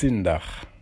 Sindach.